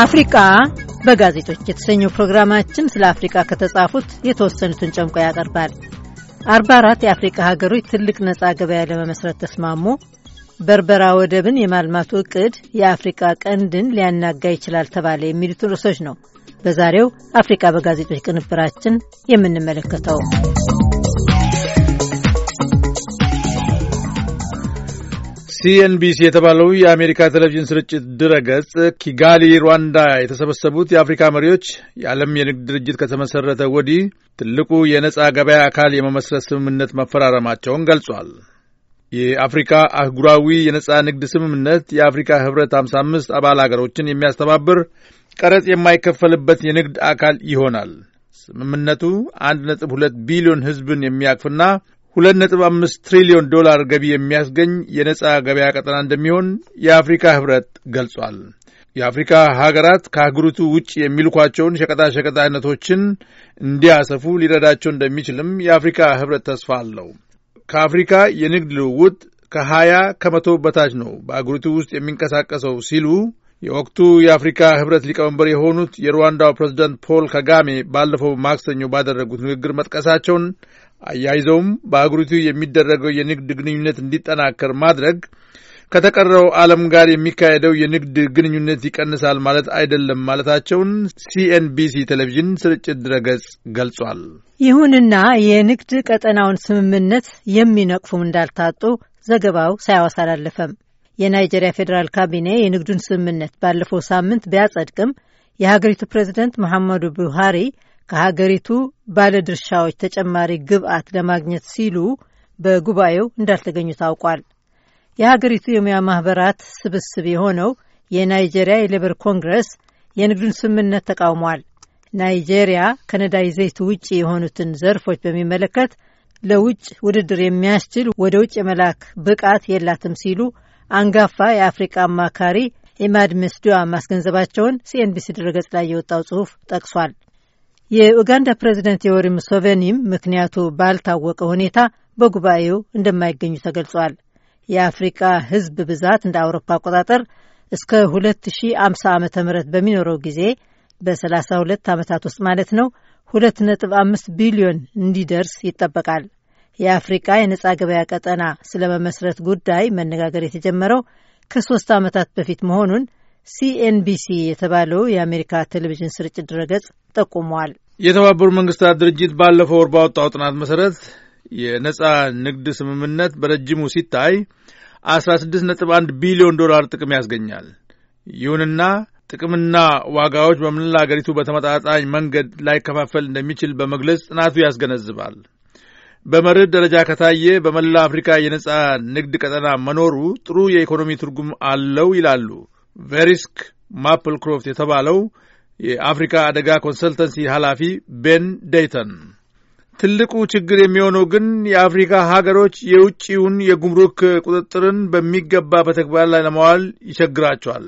አፍሪቃ በጋዜጦች የተሰኘው ፕሮግራማችን ስለ አፍሪቃ ከተጻፉት የተወሰኑትን ጨምቆ ያቀርባል። አርባ አራት የአፍሪቃ ሀገሮች ትልቅ ነፃ ገበያ ለመመስረት ተስማሙ፣ በርበራ ወደብን የማልማቱ እቅድ የአፍሪቃ ቀንድን ሊያናጋ ይችላል ተባለ የሚሉትን ርዕሶች ነው በዛሬው አፍሪቃ በጋዜጦች ቅንብራችን የምንመለከተው። ሲኤንቢሲ የተባለው የአሜሪካ ቴሌቪዥን ስርጭት ድረገጽ ኪጋሊ ሩዋንዳ የተሰበሰቡት የአፍሪካ መሪዎች የዓለም የንግድ ድርጅት ከተመሠረተ ወዲህ ትልቁ የነጻ ገበያ አካል የመመስረት ስምምነት መፈራረማቸውን ገልጿል። የአፍሪካ አህጉራዊ የነጻ ንግድ ስምምነት የአፍሪካ ህብረት 55 አባል አገሮችን የሚያስተባብር ቀረጽ የማይከፈልበት የንግድ አካል ይሆናል። ስምምነቱ 1.2 ቢሊዮን ህዝብን የሚያቅፍና 25 ትሪሊዮን ዶላር ገቢ የሚያስገኝ የነጻ ገበያ ቀጠና እንደሚሆን የአፍሪካ ህብረት ገልጿል። የአፍሪካ ሀገራት ከአህጉሪቱ ውጭ የሚልኳቸውን ሸቀጣሸቀጥ አይነቶችን እንዲያሰፉ ሊረዳቸው እንደሚችልም የአፍሪካ ህብረት ተስፋ አለው። ከአፍሪካ የንግድ ልውውጥ ከሀያ ከመቶ በታች ነው በአህጉሪቱ ውስጥ የሚንቀሳቀሰው ሲሉ የወቅቱ የአፍሪካ ህብረት ሊቀመንበር የሆኑት የሩዋንዳው ፕሬዝዳንት ፖል ካጋሜ ባለፈው ማክሰኞ ባደረጉት ንግግር መጥቀሳቸውን አያይዘውም በአህጉሪቱ የሚደረገው የንግድ ግንኙነት እንዲጠናከር ማድረግ ከተቀረው ዓለም ጋር የሚካሄደው የንግድ ግንኙነት ይቀንሳል ማለት አይደለም ማለታቸውን ሲኤንቢሲ ቴሌቪዥን ስርጭት ድረገጽ ገልጿል። ይሁንና የንግድ ቀጠናውን ስምምነት የሚነቅፉም እንዳልታጡ ዘገባው ሳያወሳ አላለፈም። የናይጄሪያ ፌዴራል ካቢኔ የንግዱን ስምምነት ባለፈው ሳምንት ቢያጸድቅም የሀገሪቱ ፕሬዚደንት መሐመዱ ቡሃሪ ከሀገሪቱ ባለድርሻዎች ተጨማሪ ግብዓት ለማግኘት ሲሉ በጉባኤው እንዳልተገኙ ታውቋል። የሀገሪቱ የሙያ ማህበራት ስብስብ የሆነው የናይጄሪያ የሌበር ኮንግረስ የንግዱን ስምምነት ተቃውሟል። ናይጄሪያ ከነዳጅ ዘይት ውጭ የሆኑትን ዘርፎች በሚመለከት ለውጭ ውድድር የሚያስችል ወደ ውጭ የመላክ ብቃት የላትም ሲሉ አንጋፋ የአፍሪቃ አማካሪ ኢማድ መስዲዋ ማስገንዘባቸውን ሲኤንቢሲ ድረገጽ ላይ የወጣው ጽሑፍ ጠቅሷል። የኡጋንዳ ፕሬዚደንት ዮዌሪ ሙሴቬኒም ምክንያቱ ባልታወቀ ሁኔታ በጉባኤው እንደማይገኙ ተገልጿል። የአፍሪቃ ሕዝብ ብዛት እንደ አውሮፓ አቆጣጠር እስከ 2050 ዓ ም በሚኖረው ጊዜ በ32 ዓመታት ውስጥ ማለት ነው 2.5 ቢሊዮን እንዲደርስ ይጠበቃል። የአፍሪቃ የነጻ ገበያ ቀጠና ስለ መመስረት ጉዳይ መነጋገር የተጀመረው ከሶስት ዓመታት በፊት መሆኑን ሲኤንቢሲ የተባለው የአሜሪካ ቴሌቪዥን ስርጭት ድረገጽ ጠቁሟል። የተባበሩት መንግስታት ድርጅት ባለፈው ወር ባወጣው ጥናት መሠረት የነጻ ንግድ ስምምነት በረጅሙ ሲታይ 16.1 ቢሊዮን ዶላር ጥቅም ያስገኛል። ይሁንና ጥቅምና ዋጋዎች በምንላ አገሪቱ በተመጣጣኝ መንገድ ላይከፋፈል እንደሚችል በመግለጽ ጥናቱ ያስገነዝባል። በመርህ ደረጃ ከታየ በመላ አፍሪካ የነጻ ንግድ ቀጠና መኖሩ ጥሩ የኢኮኖሚ ትርጉም አለው ይላሉ ቬሪስክ ማፕልክሮፍት የተባለው የአፍሪካ አደጋ ኮንሰልተንሲ ኃላፊ ቤን ደይተን። ትልቁ ችግር የሚሆነው ግን የአፍሪካ ሀገሮች የውጭውን የጉምሩክ ቁጥጥርን በሚገባ በተግባር ላይ ለማዋል ይቸግራቸዋል።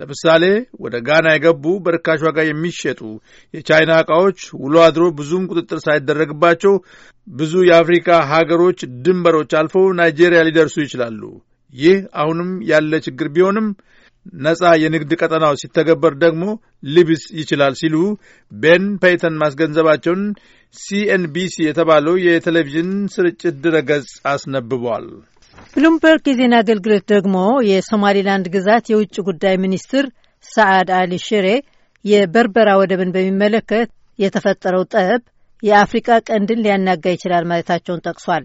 ለምሳሌ ወደ ጋና የገቡ በርካሽ ዋጋ የሚሸጡ የቻይና ዕቃዎች ውሎ አድሮ ብዙም ቁጥጥር ሳይደረግባቸው ብዙ የአፍሪካ ሀገሮች ድንበሮች አልፈው ናይጄሪያ ሊደርሱ ይችላሉ። ይህ አሁንም ያለ ችግር ቢሆንም ነጻ የንግድ ቀጠናው ሲተገበር ደግሞ ሊብስ ይችላል ሲሉ ቤን ፔይተን ማስገንዘባቸውን ሲኤንቢሲ የተባለው የቴሌቪዥን ስርጭት ድረገጽ አስነብቧል። ብሉምበርግ የዜና አገልግሎት ደግሞ የሶማሊላንድ ግዛት የውጭ ጉዳይ ሚኒስትር ሰዓድ አሊ ሽሬ የበርበራ ወደብን በሚመለከት የተፈጠረው ጠብ የአፍሪቃ ቀንድን ሊያናጋ ይችላል ማለታቸውን ጠቅሷል።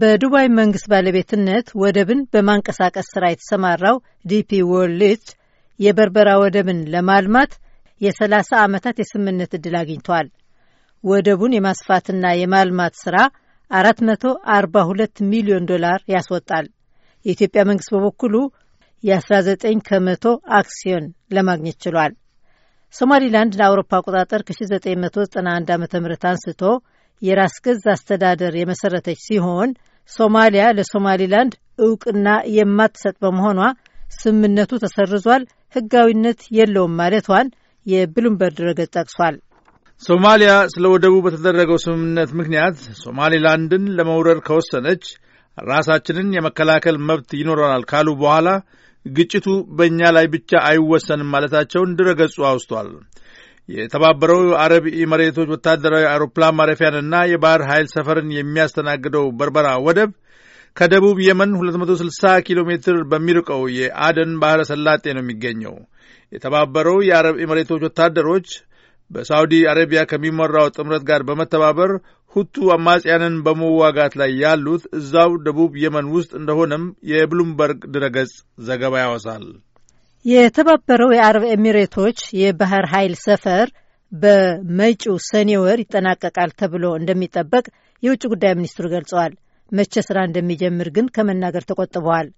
በዱባይ መንግስት ባለቤትነት ወደብን በማንቀሳቀስ ስራ የተሰማራው ዲፒ ወርልድ የበርበራ ወደብን ለማልማት የ30 ዓመታት የስምምነት ዕድል አግኝቷል። ወደቡን የማስፋትና የማልማት ስራ 442 ሚሊዮን ዶላር ያስወጣል። የኢትዮጵያ መንግስት በበኩሉ የ19 ከመቶ አክሲዮን ለማግኘት ችሏል። ሶማሊላንድ ለአውሮፓ አቆጣጠር ከ1991 ዓ ም አንስቶ የራስ ገዝ አስተዳደር የመሰረተች ሲሆን ሶማሊያ ለሶማሊላንድ እውቅና የማትሰጥ በመሆኗ ስምምነቱ ተሰርዟል፣ ህጋዊነት የለውም ማለቷን የብሉምበርግ ድረገጽ ጠቅሷል። ሶማሊያ ስለ ወደቡ በተደረገው ስምምነት ምክንያት ሶማሌላንድን ለመውረር ከወሰነች ራሳችንን የመከላከል መብት ይኖረናል ካሉ በኋላ ግጭቱ በእኛ ላይ ብቻ አይወሰንም ማለታቸውን ድረገጹ አውስቷል። የተባበረው አረብ ኢሚሬቶች ወታደራዊ አውሮፕላን ማረፊያንና የባህር ኃይል ሰፈርን የሚያስተናግደው በርበራ ወደብ ከደቡብ የመን 260 ኪሎ ሜትር በሚርቀው የአደን ባሕረ ሰላጤ ነው የሚገኘው። የተባበረው የአረብ ኢሚሬቶች ወታደሮች በሳውዲ አረቢያ ከሚመራው ጥምረት ጋር በመተባበር ሁቱ አማጽያንን በመዋጋት ላይ ያሉት እዛው ደቡብ የመን ውስጥ እንደሆነም የብሉምበርግ ድረገጽ ዘገባ ያወሳል። የተባበረው የአረብ ኤሚሬቶች የባህር ኃይል ሰፈር በመጪው ሰኔ ወር ይጠናቀቃል ተብሎ እንደሚጠበቅ የውጭ ጉዳይ ሚኒስትሩ ገልጸዋል። መቼ ስራ እንደሚጀምር ግን ከመናገር ተቆጥበዋል።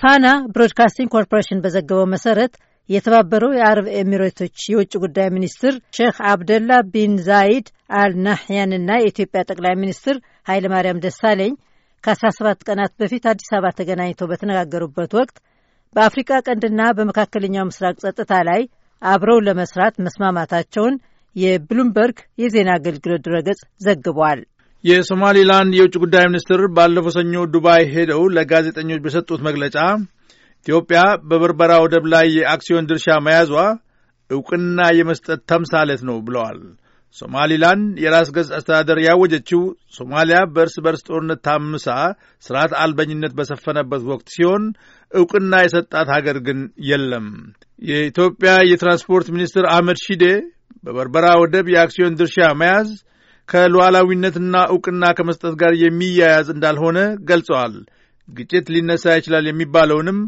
ፋና ብሮድካስቲንግ ኮርፖሬሽን በዘገበው መሰረት የተባበረው የአረብ ኤሚሬቶች የውጭ ጉዳይ ሚኒስትር ሼክ አብደላ ቢን ዛይድ አልናህያንና የኢትዮጵያ ጠቅላይ ሚኒስትር ኃይለማርያም ደሳለኝ ከ17 ቀናት በፊት አዲስ አበባ ተገናኝተው በተነጋገሩበት ወቅት በአፍሪቃ ቀንድና በመካከለኛው ምስራቅ ጸጥታ ላይ አብረው ለመስራት መስማማታቸውን የብሉምበርግ የዜና አገልግሎት ድረገጽ ዘግቧል። የሶማሊላንድ የውጭ ጉዳይ ሚኒስትር ባለፈው ሰኞ ዱባይ ሄደው ለጋዜጠኞች በሰጡት መግለጫ ኢትዮጵያ በበርበራ ወደብ ላይ የአክሲዮን ድርሻ መያዟ ዕውቅና የመስጠት ተምሳሌት ነው ብለዋል። ሶማሊላንድ የራስ ገዝ አስተዳደር ያወጀችው ሶማሊያ በእርስ በርስ ጦርነት ታምሳ ሥርዓት አልበኝነት በሰፈነበት ወቅት ሲሆን ዕውቅና የሰጣት ሀገር ግን የለም። የኢትዮጵያ የትራንስፖርት ሚኒስትር አህመድ ሺዴ በበርበራ ወደብ የአክሲዮን ድርሻ መያዝ ከሉዓላዊነትና ዕውቅና ከመስጠት ጋር የሚያያዝ እንዳልሆነ ገልጸዋል። ግጭት ሊነሳ ይችላል የሚባለውንም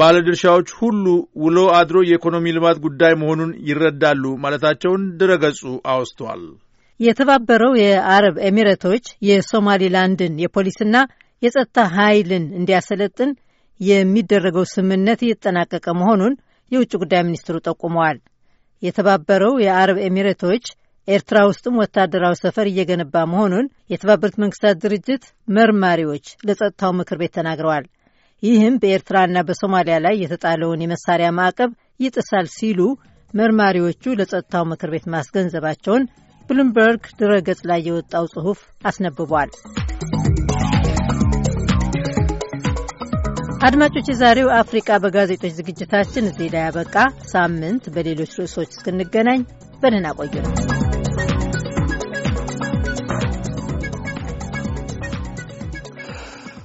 ባለድርሻዎች ሁሉ ውሎ አድሮ የኢኮኖሚ ልማት ጉዳይ መሆኑን ይረዳሉ ማለታቸውን ድረገጹ አወስቷል። የተባበረው የአረብ ኤሚሬቶች የሶማሊላንድን የፖሊስና የጸጥታ ኃይልን እንዲያሰለጥን የሚደረገው ስምምነት እየተጠናቀቀ መሆኑን የውጭ ጉዳይ ሚኒስትሩ ጠቁመዋል። የተባበረው የአረብ ኤሚሬቶች ኤርትራ ውስጥም ወታደራዊ ሰፈር እየገነባ መሆኑን የተባበሩት መንግስታት ድርጅት መርማሪዎች ለጸጥታው ምክር ቤት ተናግረዋል። ይህም በኤርትራና በሶማሊያ ላይ የተጣለውን የመሳሪያ ማዕቀብ ይጥሳል ሲሉ መርማሪዎቹ ለጸጥታው ምክር ቤት ማስገንዘባቸውን ብሉምበርግ ድረገጽ ላይ የወጣው ጽሑፍ አስነብቧል። አድማጮች፣ የዛሬው አፍሪቃ በጋዜጦች ዝግጅታችን እዚህ ላይ ያበቃ። ሳምንት በሌሎች ርዕሶች እስክንገናኝ በደህና ቆዩ ነው።